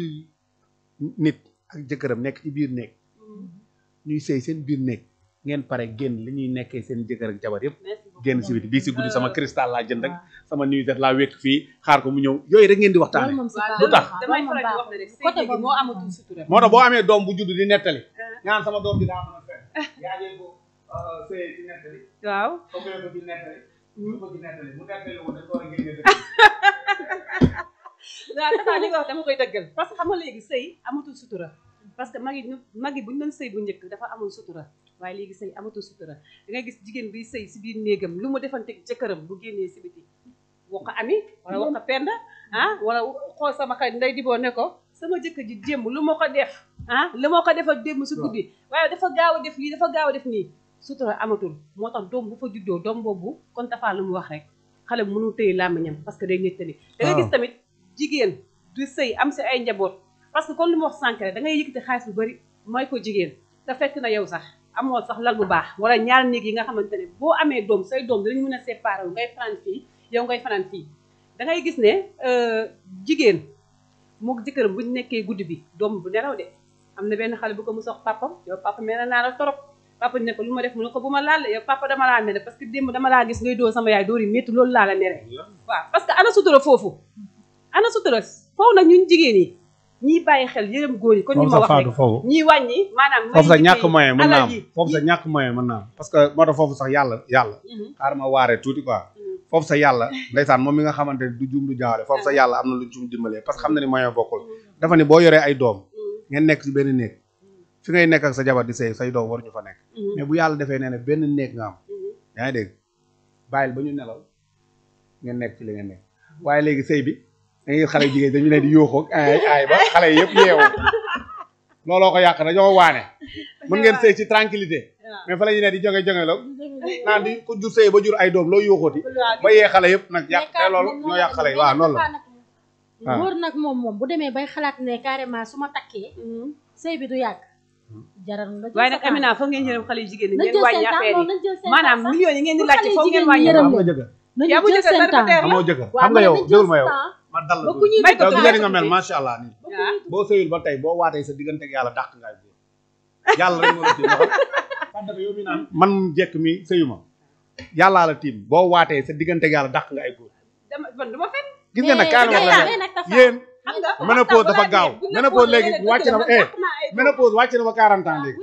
nit ak jëkkëram nekk ci biir néeg mm. ñuy sëy seen biir néeg ngeen pare génn li ñuy nekkee seen jëkkër ak jabar yëpp génn si biti bii si guddi sama euh, cristal laa jën rek sama nuyu def laa wékk fii xaar ko mu ñëw yooyu rek ngeen di waxtaane lu tax moo tax boo amee doom bu judd di nettali euh. ñaan sama doom bi daa mën a Hmm? waaw dafa li nga wax dama koy dëggal parce que xam nga léegi sëy amatul sutura parce que mag yi mag yi bu ñu doon sëy bu njëkk dafa amul sutura waaye léegi sëy amatul sutura da ngay gis jigéen bi sëy si biir néegam lu mu defante jëkkëram bu génnee si biti wax ko ami wala wax ko hmm. penda ah wala xool sama xarit nday diboo ne ko sama jëkkër ji démb lu ma ko def ah lu ma ko defa démb si guddi waaye dafa gaaw a def lii dafa gaaw a def nii sutura amatul moo tax doom bu fa juddoo doom boobu kon tafaa lu mu wax rek xale bu mënul téye làmmiñam parce que day nettali ah. da ngay gis tamit jigéen du sëy am si ay njaboot parce que kon li mu wax sànq rek da xaalis bu bëri mooy ko jigéen te fekk na yow sax amoo sax lal bu baax wala ñaar néeg yi nga xamante ne boo amee doom say doom dinañ mën a séparé wu ngay fanaan fii yow ngay fanaan fii da ngay gis ne euh, jigéen moo jëkkëram buñ nekkee guddi bi doom bu nelaw de am na benn xale bu ko mu sox papam yow papa mel na naa la torop papa ne ko lu ma def mu ne ko bu ma laal yow papa dama laa mere parce que dama laa gis ngay dóor sama yaay dóor yi métti loolu laa la mere waaw ana sutura foofu ana sutura foofu nag ñun jigéen yi ñiy bàyyi xel yërëm foofu ñiy wàññi maanaam foofu sax ñàkk moyen mën naa am foofu sax ñàkk moyen mën naa parce que moo foofu sax yàlla yàlla mm-hmm. xaar ma waare tuuti quoi mm-hmm. foofu sa yàlla ndeysaan moom mi nga xamante du juum du jaawale foofu sa mm-hmm. yàlla am na lu juum dimbalee parce que xam na ni moyen bokkul dafa ne boo yoree ay doom ngeen nekk si benn néeg fi ngay nekk ak sa jabar di say say doom war ñu fa nekk mhm. mais bu yàlla defee nee na benn néeg nga am mhm. yaa dégg bàyyil ba ñu nelaw ngeen nekk ci li ngeen nekk waaye léegi sëy bi dangay xale jigéen leen di yóoxoog ay ay ba xale yëpp yeewu looloo ko yàq dañoo waane mën ngeen sëy ci tranquillité mais fa la ñu di jonge jonge la naan di ku jur sëy ba jur ay doom loo yóoxooti ba yee xale yëpp nag yàq te loolu ñoo yàq xale yi waaw noonu la góor ah. nag moom moom bu demee bay xalaat ne carrément su ma takkee mhm. sëy bi du yàgg jaral na waaye nag Amina foog ngeen yërëm xale jigéen ñi ngeen wàññi affaire maanaam yi ngeen di laajte foog ngeen wàññi am nga jëkkër yaa bu jëkkër célibataire la amoo jëkkër xam nga yow déglu ma yow ma dal la may ko jigéen nga macha allah boo sëyul ba tey boo waatee sa diggante yàlla dàq ngaay góor yàlla man jekk mi sëyu ma yàllaa la tiim boo waatee sa diggante ak yàlla dàq nga ay góor dama man du ma fen gis nga nag eh, kaana eh, wax la eh, yéen ménopause dafa gaaw ménopause léegi wàcc na eh ménopause wàcc na ba 40 ans léegi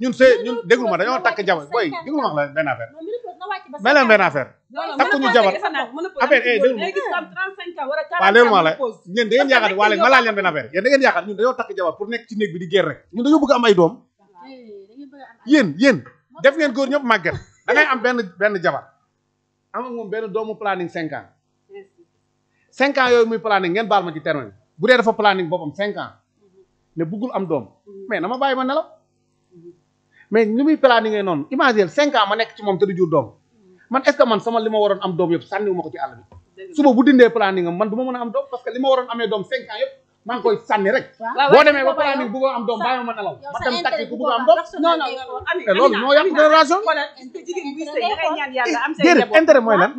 ñun sé ñun déglu ma dañoo takk jabar boy déglu ma la ben affaire mais leen benn affaire takku ñu jabar affaire eh déglu waaw déglu ma la ñeen da ngeen yaakaar waa léegi ma la ñen ben affaire yeen da ngeen yaakaar ñun dañu tak jabar pour nek ci neeg bi di guer rek ñun dañu bëgg am ay doom yeen yeen def ngeen goor ñop màgget da ngay am ben ben jabar am ak mom ben doomu planning 5 ans 5 ans yoy muy planning ngeen baal ma ci terme bu dé dafa planning bopam 5 ans ne bugul am dom mais na ma ma nelaw mais ni muy planning non imagine 5 ans ma nek ci mom te du jur dom man est ce que man sama lima waron am dom yëpp sanni wumako ci àll bi suba bu dindee planning am man duma ma am dom parce que lima waron amé dom 5 ans yëpp maa koy sanni rek bo demee ba planning bu bëggoo am dom bàyyi ma nelaw ma tam takki ku bëgg am dom non non mais loolu ñoo yàq relation déedéet intérêt mooy lan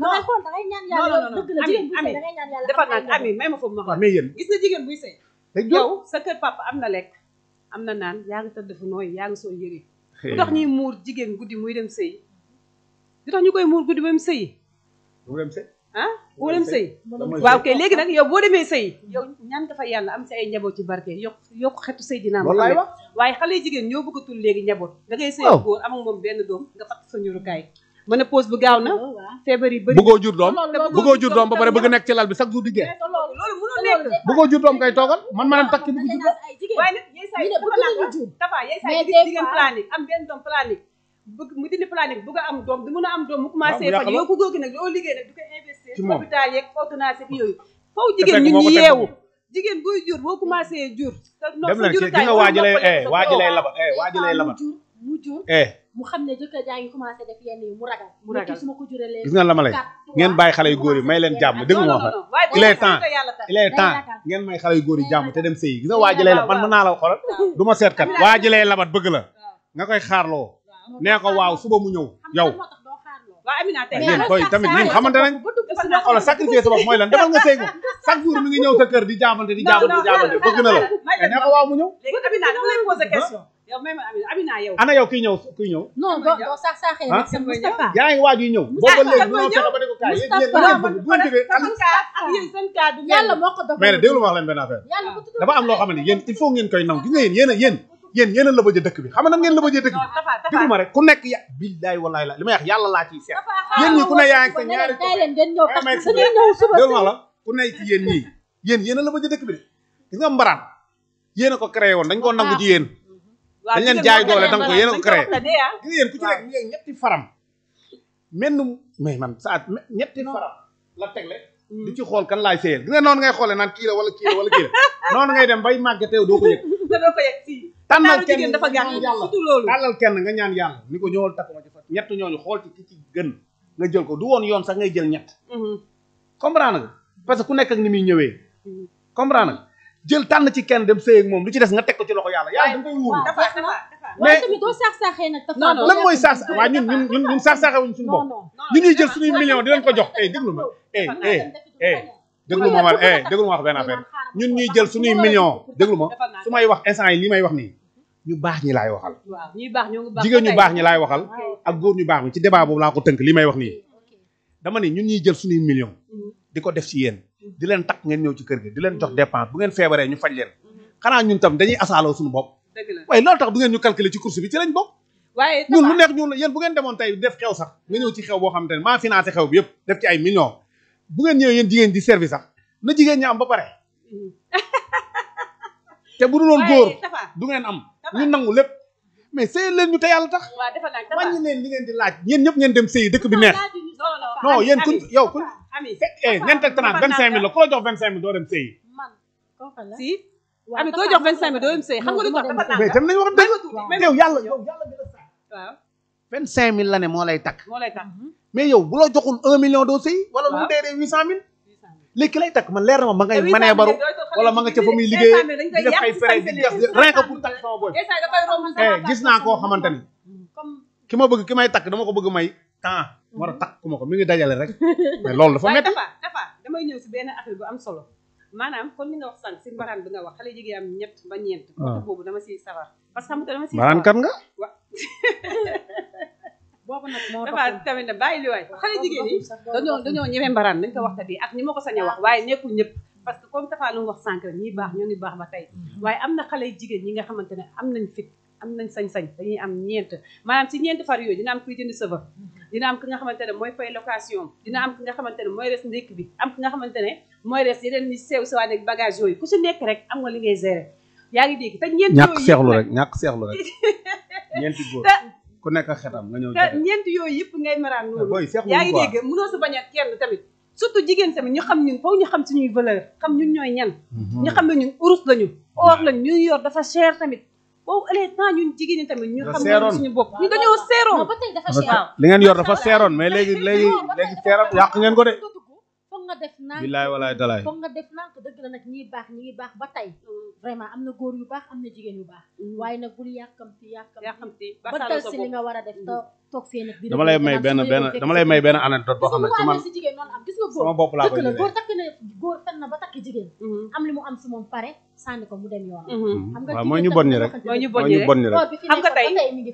defar naa ami may ma foofu ma mais yéen gis na jigéen buy sëy yow sa kër papa am na lekk am na naan yaa ngi tëdd fu nooy yaa ngi sol yëre lu tax ñuy muur jigéen guddi muy dem sëy lu tax ñu koy muur guddi muy sëy mu dem sëy ah boo dem sëy waaw kay léegi nag yow boo demee sëy yow ñaan nga fa yàlla am si ay njaboot ci barke yokk yokk xetu sëy dina am waaye xale jigéen ñoo bëggatul léegi njaboot da ngay sëy oh. góor am moom benn doom nga fatt sa ñurukaay mën a bu gaaw na. Oh, feebar yi bëri bëggoo jur doom. bëggoo jur ba pare bëgg nekk ci lal bi chaque jour di génn. loolu mënul nekk. bëggoo jur doom kay toogal man maanaam takk bëgg jur di ngeen planique am benn mu dindi planique bëgg a am doom du mën a am doom mu commencé faj yow ku góor gi nag loo liggéey nag du ko investir ci hôpital yeeg ordonnance ak jur boo commencé jur. dem na ci nga waaji lay eh, waaji lay labat eh, lay labat mu eh. mu xam ne jëkkër jaa ngi commencé def yenn yi mu ragal. mu ragal su ma ko juralee. gis nga la ma lay ngeen bàyyi xale yu góor yi may leen jàmm dégg nga wax il est temps ngeen may xale yu góor yi jàmm te dem sëy gis waa ji la man mën naa la xoolal du ma seetkat waa ji lay labat bëgg la nga koy xaarloo nee ko waaw suba mu ñëw yow waaw Amina tey yéen tamit ñun xamante nañ xoolal sacrifice sa bopp mooy lan defal nga sëy chaque jour ngi ñëw sa kër di jaabante di jaabante di jaabante bëgg na la nee ko waaw mu ñëw yow même Amina yow. ana yow kuy ñëw kuy ñëw. non doo doo sax saaxee nag sa Moustapha. yaa ngi waaj yi ñëw. Moustapha ba ñëw Moustapha man bu yàlla moo ko doon. mais nag déglu ma wax leen benn affaire. dafa am loo xam ne il faut ngeen koy naw gis nga yéen yéen yéen yéen a lëbëjee dëkk bi xam nga ngeen lëbëjee dëkk ma rek ku la li may wax yàlla laa ciy seet yéen ñi ku a lëbëjee dëkk bi de gis nga mbaraan yéen ko créé woon dañ koo nangu ci yéen dañ leen jaay doole da nga ko yéen a créé gis yéen ñetti faram menn may man saa ñetti faram la tegle mm. di ci xool kan laay séyal gis nga noon ngay xoolee naan kii la wala kii la wala kii la noonu ngay dem bay màgg teew doo ko yëg doo ko yëg si tànnal kenn nga ñaan yàlla ni ko ñëwal takk ma ci fat ñett xool ci ki ci gën nga jël ko du woon yoon sax ngay jël ñett mm-hmm. comprend nga parce que ku nekk ni muy ñëwee mm-hmm. comprendre nga jël tànn ci kenn dem sëy moom lu ci des nga teg ko ci loxo yàlla yàlla danga koy wóolu mais tamit doo saax saaxee nag lan mooy saax waaw ñun ñun ñun ñun saax saaxee wuñ suñu bopp ñun ko jox eh déglu ma eh eh eh, eh déglu ma ma eh ñuy jël suñuy million déglu su may wax instant yi li may wax nii ñu baax ñi laay waxal jigéen ñu baax ñi laay waxal ak góor ñu baax ñi ci débat boobu laa ko tënk li may wax nii dama ni ñu ñuy jël suñuy million mm-hmm. di ko def ci yéen di leen takk ngeen ñëw ci kër gi di leen jox dépense bu ngeen feebaree ñu fañ leen xanaa ñun tam dañuy asaaloo suñu bopp waaye loolu tax du ngeen ñu calculer ci course bi ci lañ bokk ñun lu neex ñun la def xew sax nga ñëw xew boo xamante ne maa financé xew bi yëpp def ci bu ngeen ñëwee yéen jigéen di servi sax na jigéen ñi am ba pare te bu dul woon góor du ngeen am ñu nangu lépp mais sëy leen ñu te yàlla tax wàññi leen li ngeen di laaj yéen ñëpp ngeen dem sëy dëkk bi neex non yéen kuñ yow kuñ ami ñeent ak trente vingt cinq mille la koo jox vingt cinq mille doo dem sëy jox vingt cinq mille doo dem sëy xam nga lu tax dafa mais tam nañu wax dëgg yow yow yàlla bi cinq mille la ne moo lay takk moo lay mais yow bu la joxul un million doo sëy wala lu mu ki lay takk man leer na ma ma ngay manee wala ma nga ca fa muy liggéey di def ay frais di takk sama boy gis naa koo xamante ni ki ma bëgg ki may takk dama ko bëgg may temps war a mhm. takk ma ko mi ngi dajale rek mais loolu dafa métti dafa dafa damay ñëw si benn affaire bu am solo maanaam kon li nga wax sànq si mbaraan bi nga wax xale jigéen am ba ñeent ah. boobu dama siy sawar parce que xam nga dama siy kan nga waaw boobu nag moo dafa tamit na bàyyi li waay xale jigéen yi dañoo dañoo ñeme mbaraan nañ ko waxta bi ak ni ma ko sañ wax ah. waaye nekkul ñëpp parce que comme tafaa lu mu wax sànq rek ñii baax ñoo ni baax ba tey mm-hmm. waaye am na xale jigéen ñi nga xamante ne am nañ fit am nañ sañ-sañ dañuy am ñeent maanaam si ñeenti far yooyu dina am kuy jënd sëfa dina am ki nga xamante ne mooy fay location dina am ki nga xamante ne mooy res ndékk bi am ki xamante ne mooy res yeneen ñi sew sawaa ak bagage yooyu ku si nekk rek am nga li ngay gérer yaa ngi dégg te ñeent ñàkk seexlu rek ñàkk seexlu rek ñeenti góor ku nekk xetam nga ñëw ñeent yooyu yëpp ngay maraan noonu yaa ngi dégg mënoo si bañ a kenn tamit surtout jigéen tamit ñu xam ñun foofu ñu xam suñuy valeur xam ñun ñooy ñan mhm. ñu xam ne ñun urus lañu or lañ ñu yor dafa cher tamit boobu oh, ëllëg eh, temps nah, ñun jigéen ñi tamit ñu xam ne suñu bopp ñu dañoo seeroon li ngeen yor dafa seeroon mais léegi léegi léegi seeroon yàq ngeen ko de foog nga def naan bilaay walaay dalaay foog nga def naan dëgg la nag ñii baax ñii baax ba tey vraiment am na yu baax am jigéen yu baax waaye nag bul yàkkamti yàkkamti ba dal si li nga war def te toog fee nag dama lay may benn benn dama lay may benn anecdote boo xam ne ci man si jigéen noonu am gis nga góor sama bopp laa koy dëgg la góor na góor fen na ba takk jigéen am li mu am si moom pare sànni ko mu dem yoon. Mhm. Mhm. xam nga mooy ñu bon ni rek mooy ñu bon ni rek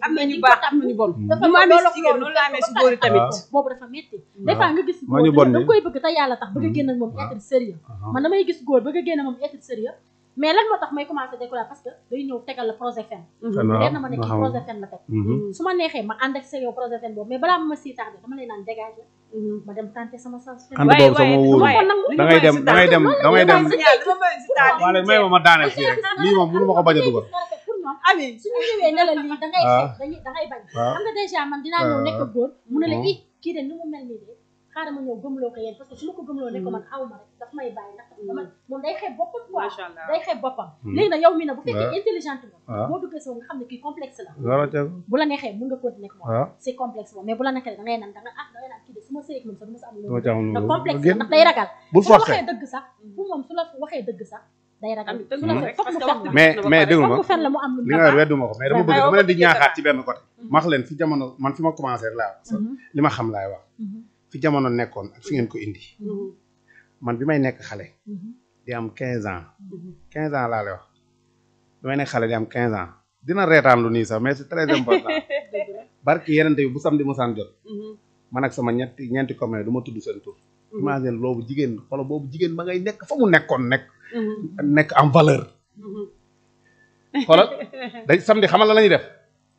xam na ñu baax am na ñu bon. dafa amee si jigéen noonu la amee si góor yi tamit. boobu dafa metti des fois nga gis góor da koy bëgg te yàlla tax bëgg a mhm. génn moom être sérieux man damay gis góor bëgg a génn moom être sérieux mais lan moo tax may commencé découvrir parce que day fen ma nekk projet fen la teg mhm. mhm. su ma neexee ma ànd ak sa fen boobu mais balaa ma si tax dama lay naan dégage mhm. ma dem tenter dem da dem da may ma ma daaneel fii rek lii moom mënu ma ko bañ a dugal amiin suñu ñëwee ne lii da ngay ah. da ngay ah. xam nga dèjà man dinaa ñëw ah. nekk góor mu ne la i kii de ni mu xaaral ma ñëw gëmloo ko yéen parce que su ma ko gëmloo ne ko man aw rek daf may bàyyi ndax dama mm. day xeeb boppam quoi day xeeb boppam mm. léegi nag yow mi na bu fekkee intelligente nga ah. boo duggee sa nga ko ah. ah, su ma sëyeeg moom du ma sa am loolu la ma nga mm-hmm. xam laay wax mm-hmm. fi jamono nekkoon ak fi ngeen ko indi mhm. man bi may nekk xale mhm. di am quinze ans mhm. quinze ans laa lay wax bi may nekk xale di am quinze ans dina reetaan lu nii sax mais c'est très important barki yenente bi bu samedi mosaan jot man ak sama ñetti ñeenti commune du ma tudd seen tur imagine loolu jigéen xolo boobu jigéen ba ngay nekk fa mu nekkoon nekk nekk en valeur xoolal day samedi xamal la la ñuy def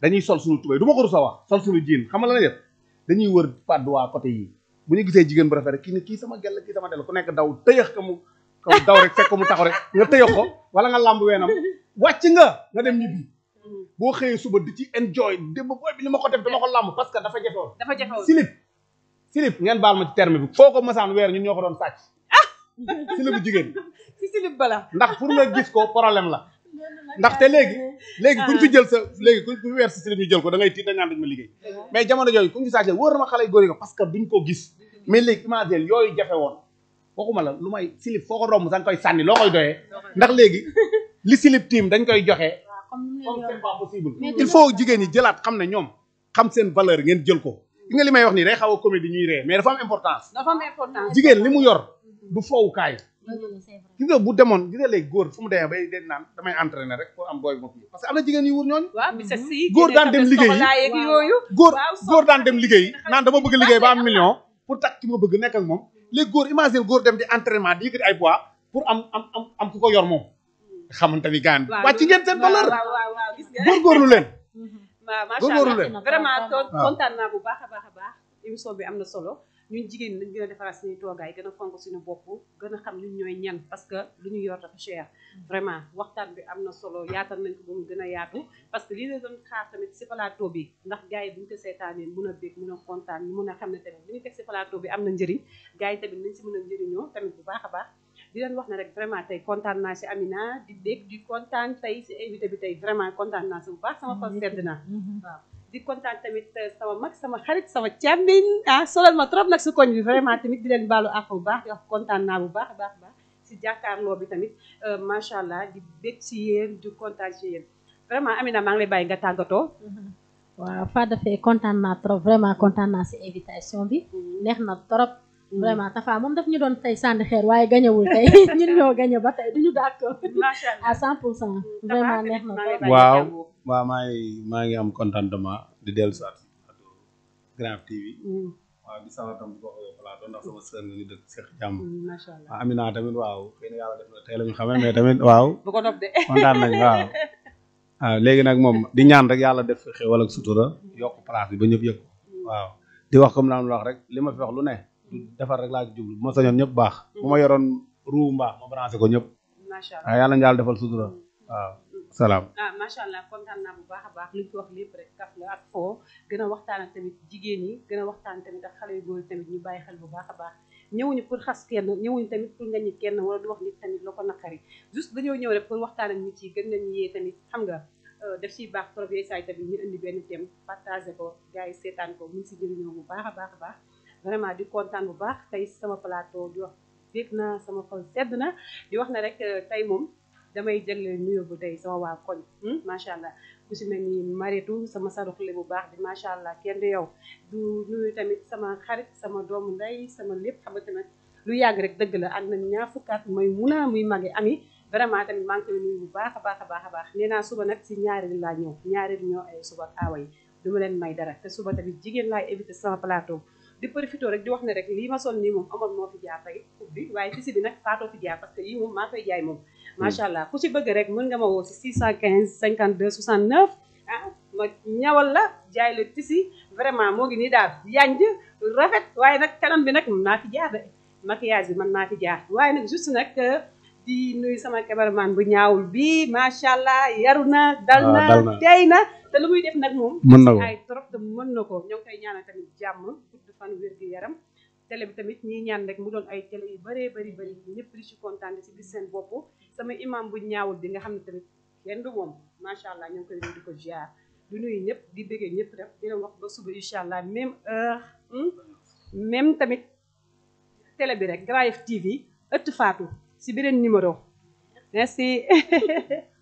dañuy sol suñu tubéy du ma ko rus a wax sol suñu jiin xamal la la def dañuy wër pàddu waa bu ñu gisee jigéen bu rafet rek kii ne kii sama gel kii sama del ku nekk daw tëyëx ko mu ka daw rek fekk mu taxaw rek nga tëyëx ko wala nga lamb weenam ya, wàcc nga nga dem ñibbi boo xëyee suba di ci enjoy démb boy bi li ma ko def dama ko lamb parce que dafa jafewoon dafa jafewoon silip silip ngeen baal ma ci terme bi foo ko masaan weer ñun ñoo ko doon sàcc silibu jigéen si silip bala ndax pour nga gis ko problème la ndaxte léegi léegi buñ fi jël sa léegi buñ fi weer si silib ñu jël ko da ngay tiit da ngaan dañ ma liggéey eh. mais jamono jooju kuñ fi sàcc wóor na ma xale góor yi nga parce que duñ ko gis mais léegi imagine yooyu jafe woon waxuma la lu may silib foo ko romb sax nga koy sànni loo koy doyee ndax léegi li silib tiim dañ koy joxe. comme c'est pas possible il faut jigéen ñi jëlaat xam ne ñoom xam seen valeur ngeen jël ko li nga li may wax nii day xaw a comédie ñuy ree mais dafa am importance dafa am jigéen li mu yor mm-hmm. du fowukaay mm-hmm. gis nga bu demoon di nga léegi góor fu mu demee bay den naan am booy bu ma fi parce que am na jigéen yu wër ñooñu mm-hmm. góor daan dem liggéey góor daan dem liggéey yi naan dama bëgg liggéey ba am million pour ta ki ma bëgg nekk ak moom léegi góor imagine góor dem di entraînement di yëkkati ay poids pour am am am am ku ko yor moom hmm. xamante ni gaan wàcc ngeen seen valeur góorgóorlu leen hmm, hmm. waaw macha allah vraiment kontaan naa bu baax a baax a baax émission bi am na solo ñu jigéen ñi nañ gën a defaraat suñu toogaay gën a fonk suñu bopp gën a xam ñun ñooy ñan parce que lu ñu yor dafa cher vraiment waxtaan bi am na solo yaatal nañ ko ba mu gën a yaatu parce que lii la doon xaar bi ndax gars yi bu ñu ko seetaanee mun a bég mun a kontaan mun a xam ne tamit li ñu teg si plateau bi am na njëriñ gars yi tamit nañ si mën a njëriñoo tamit bu baax a baax di leen wax na rek vraiment tey kontaan naa si Amina di bég di kontaan tey si invité bi tey vraiment kontaan naa si bu baax sama xol sedd na mhm. waaw di kontaan tamit euh, sama mag sama xarit sama càmmiñ ah solal ma trop nag su koñ bi vraiment tamit di leen baalu àq bu baax di wax naa bu baax baax baax si jàkkaarloo bi tamit euh, macha allah di bég ci yéen di kontaan ci yéen vraiment Amina maa ngi lay bàyyi nga tàggatoo. Mm-hmm. waaw faa Faye kontaan naa trop vraiment kontaan naa si invitation bi. Mm-hmm. neex na trop. Mm-hmm. vraiment Tafa moom daf ñu doon tey sànni xeer waaye gañewul tey ñun ñoo gañe ba tey du ñu d'accord. macha allah à 100 waaw maa ngi maa ngi am contentement di dellu si at tamit waaw xëy na yàlla tamit waaw. bu nañ waaw. waaw léegi nag moom di ñaan rek yàlla def xéwal ak sutura yokk place bi ba ñëpp yëg waaw di wax comme naan wax rek li ma fi wax lu ne defar rek laa ci jublu bu ma sañoon ñëpp baax bu ma yoroon ruu mbaax ma branché ko ñëpp. macha allah yàlla na yàlla defal sutura waaw. salaam ah macha allah kontaan naa bu baax a baax li ñu ci lépp rek kaf la ak foo gën a waxtaan ak tamit jigéen ñi gën a waxtaan tamit ak xale yu góor tamit ñu bàyyi xel bu baax a baax ñëwuñu pour xas kenn ñëwuñu tamit pour nga ñi kenn wala du wax nit tamit la ko naqari juste dañoo ñëw rek pour waxtaan ak nit yi gën nañu yee tamit xam nga euh, def ciy baax trop yee saay tamit ñu indi benn thème partagé ko gars yi seetaan ko mun si jëriñoo bu baax a baax a baax vraiment di kontaan bu baax tey sama plateau di wax dégg na sama xol sedd na di wax na rek euh, tey moom damay jagleel nuyoo bu tey sama waa koñ hmm? macha allah ku si mel ni maritu sama saruxle bu baax bi macha allah kenn du yow du nuyu tamit sama xarit sama doomu ndey sama lépp xamante ne lu dëgg la ànd nañ ñaar fukki at may mun a muy magi ami vraiment tamit maa ngi koy nuyu baax a baax a baax a baax nee suba nag si ñaareel laa ñëw ñaareel ñoo ay suba aawa yi du ma leen may dara te suba tamit jigéen laay éviter sama plateau di profité rek di wax ne rek lii ma sol ni moom amoon moo fi jaar tey ubbi waaye fisi bi fi jaar que yii moom maa macha allah ku si bëgg rek mën nga ma woo si 615 52 69 ah ma ñawal la jaay la tisi vraiment moo ngi nii daal yanj rafet waaye nag kanam bi nag mën naa fi jaar de maquillage bi mën naa fi jaar waaye nag juste nag euh, di nuyu sama cameraman bu ñaawul bi macha allah yaru na dal ah, na tey na te lu muy def nag moom. mën na ko ay trop te na ko ñoo ngi koy ñaanal tamit jàmm gudd fan wér gu yaram. télé bi tamit ñiy ñaan rek mu doon ay télé yu bëree bari bëri ñëpp di ci kontaan ci biir bopp sama imam bu ñaawul bi nga xam ne tamit kenn du moom macha allah ñu ko koy di ko ziar du nuyu ñëpp di bëggee ñëpp rek di leen wax ba suba incha allah même heure hmm? même tamit télé bi rek Grand Yoff TV ëtt Fatou ci beneen numéro merci